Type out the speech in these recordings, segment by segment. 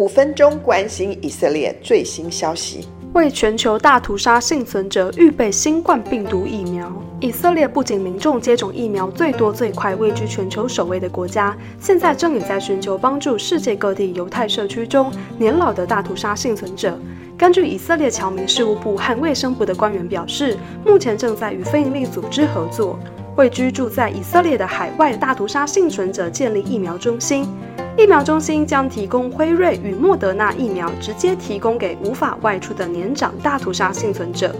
五分鐘關心以色列最新消息，為全球大屠殺倖存者預備新冠病毒疫苗。以色列不僅民眾接種疫苗最多最快，位居全球首位的國家，現在正也在尋求幫助世界各地猶太社區中年老的大屠殺倖存者。根據以色列僑民事務部和衛生部的官員表示，目前正在與非營利組織合作，為居住在以色列的海外大屠殺倖存者建立疫苗中心。疫苗中心將提供輝瑞與莫德納疫苗，直接提供給無法外出的年長大屠殺倖存者。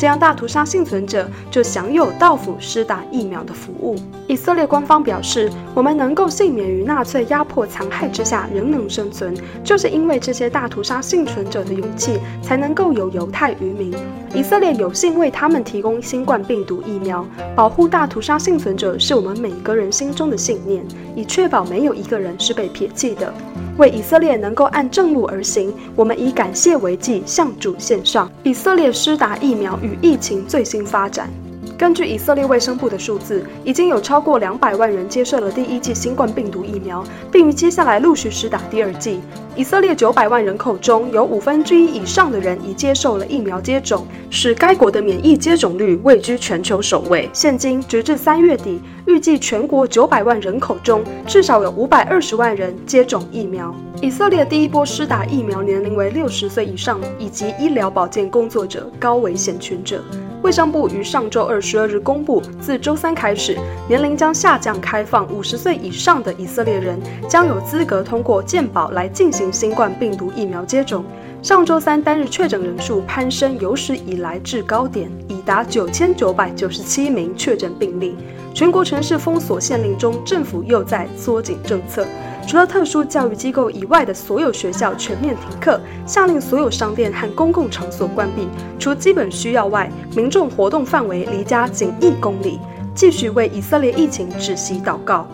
這樣，大屠殺倖存者就享有到府施打疫苗的服務。以色列官方表示，我們能夠倖免於納粹壓迫殘害之下，仍能生存，就是因為這些大屠殺倖存者的勇氣，才能夠有猶太餘民。以色列有幸為他們提供新冠病毒疫苗，保護大屠殺倖存者是我們每個人心中的信念，以確保沒有一個人是被撇棄的。為以色列能夠按正路而行，我們以感謝為祭，向主獻上。以色列施打疫苗與。與疫情最新發展。根據以色列衛生部的數字，已經有超過兩百萬人接受了第一劑新冠病毒疫苗，並於接下來陸續施打第二劑。以色列九百萬人口中，有五分之一以上的人已接受了疫苗接種，使該國的免疫接種率位居全球首位。現今，直至三月底，預計全國九百萬人口中，至少有五百二十萬人接種疫苗。以色列第一波施打疫苗年齡為六十歲以上，以及醫療保健工作者、高危險群者。衛生部於上週二12日公布，自週三開始，年齡將下降，開放五十歲以上的以色列人將有資格通過健保來進行新冠病毒疫苗接種。上週三單日確診人數攀升有史以來至高點，已達九千九百九十七名確診病例。全國城市封鎖限令中，政府又再縮緊政策，除了特殊教育機構以外的所有學校全面停課，下令所有商店和公共場所關閉，除基本需要外，民眾活動範圍離家僅一公里。繼續為以色列疫情止息禱告。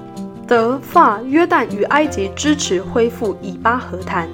德、法、約旦與埃及支持恢復以巴和談。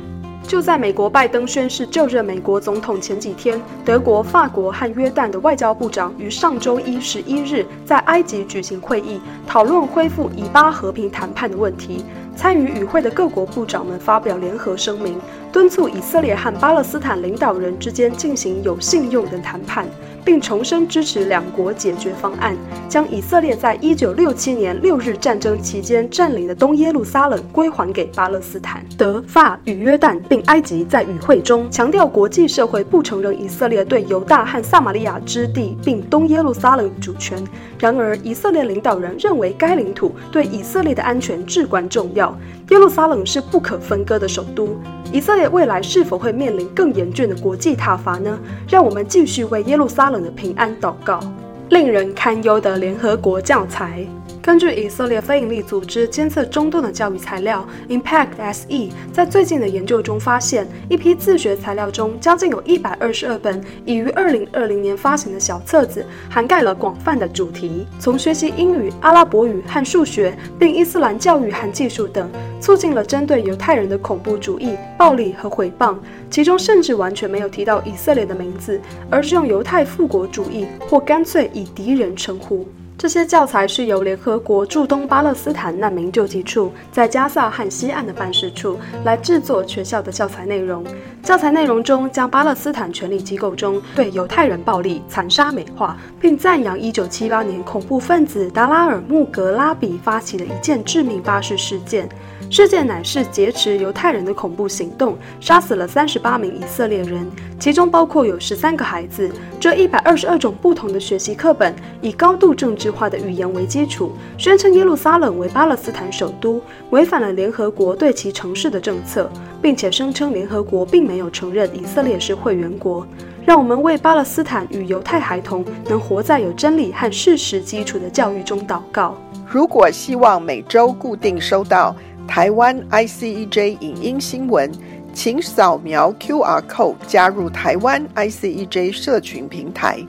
就在美國拜登宣誓就任美國總統前幾天，德國、法國和約旦的外交部長於上周一十一日在埃及舉行會議，討論恢復以巴和平談判的問題。參與與會的各國部長們發表聯合聲明。敦促以色列和巴勒斯坦領導人之間進行有信用的談判，並重申支持兩國解決方案，將以色列在一九六七年六日戰爭期間佔領的東耶路撒冷歸還給巴勒斯坦。德、法與約旦並埃及在與會中強調，國際社會不承認以色列對猶大和撒馬利亞之地並東耶路撒冷主權。然而，以色列領導人認為該領土對以色列的安全至關重要。耶路撒冷是不可分割的首都。以色列未來是否會面臨更嚴峻的國際討伐呢？讓我們繼續為耶路撒冷的平安禱告。令人堪憂的聯合國教材。根據以色列非營利組織監測中東的教育材料 Impact SE，在最近的研究中發現，一批自學材料中將近有一百二十二本已於二零二零年發行的小冊子，涵蓋了廣泛的主題，從學習英語、阿拉伯語和數學，並伊斯蘭教育和技術等，促進了針對猶太人的恐怖主義、暴力和誹謗。其中甚至完全沒有提到以色列的名字，而是用猶太復國主義或乾脆以敵人稱呼。這些教材是由聯合國駐東巴勒斯坦難民救濟處在加薩和西岸的辦事處來製作學校的教材內容。教材內容中將巴勒斯坦權力機構中對猶太人暴力殘殺美化，並讚揚1978年恐怖分子妲拉薾·慕格拉比發起的一件致命巴士事件。事件乃是劫持猶太人的恐怖行動，殺死了38名以色列人，其中包括有13個孩子。這一百二十二種不同的學習課本以高度政治。化的語言為基礎，宣稱耶路撒冷為巴勒斯坦首都，違反了聯合國對其城市的政策，並且聲稱聯合國並沒有承認以色列是會員國。讓我們為巴勒斯坦與猶太孩童能活在有真理和事實基礎的教育中禱告。如果希望每周固定收到台灣 ICEJ 影音新聞，請掃描 QR code 加入台灣 ICEJ 社群平台。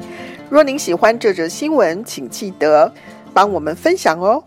若您喜歡這則新聞，請記得幫我們分享哦。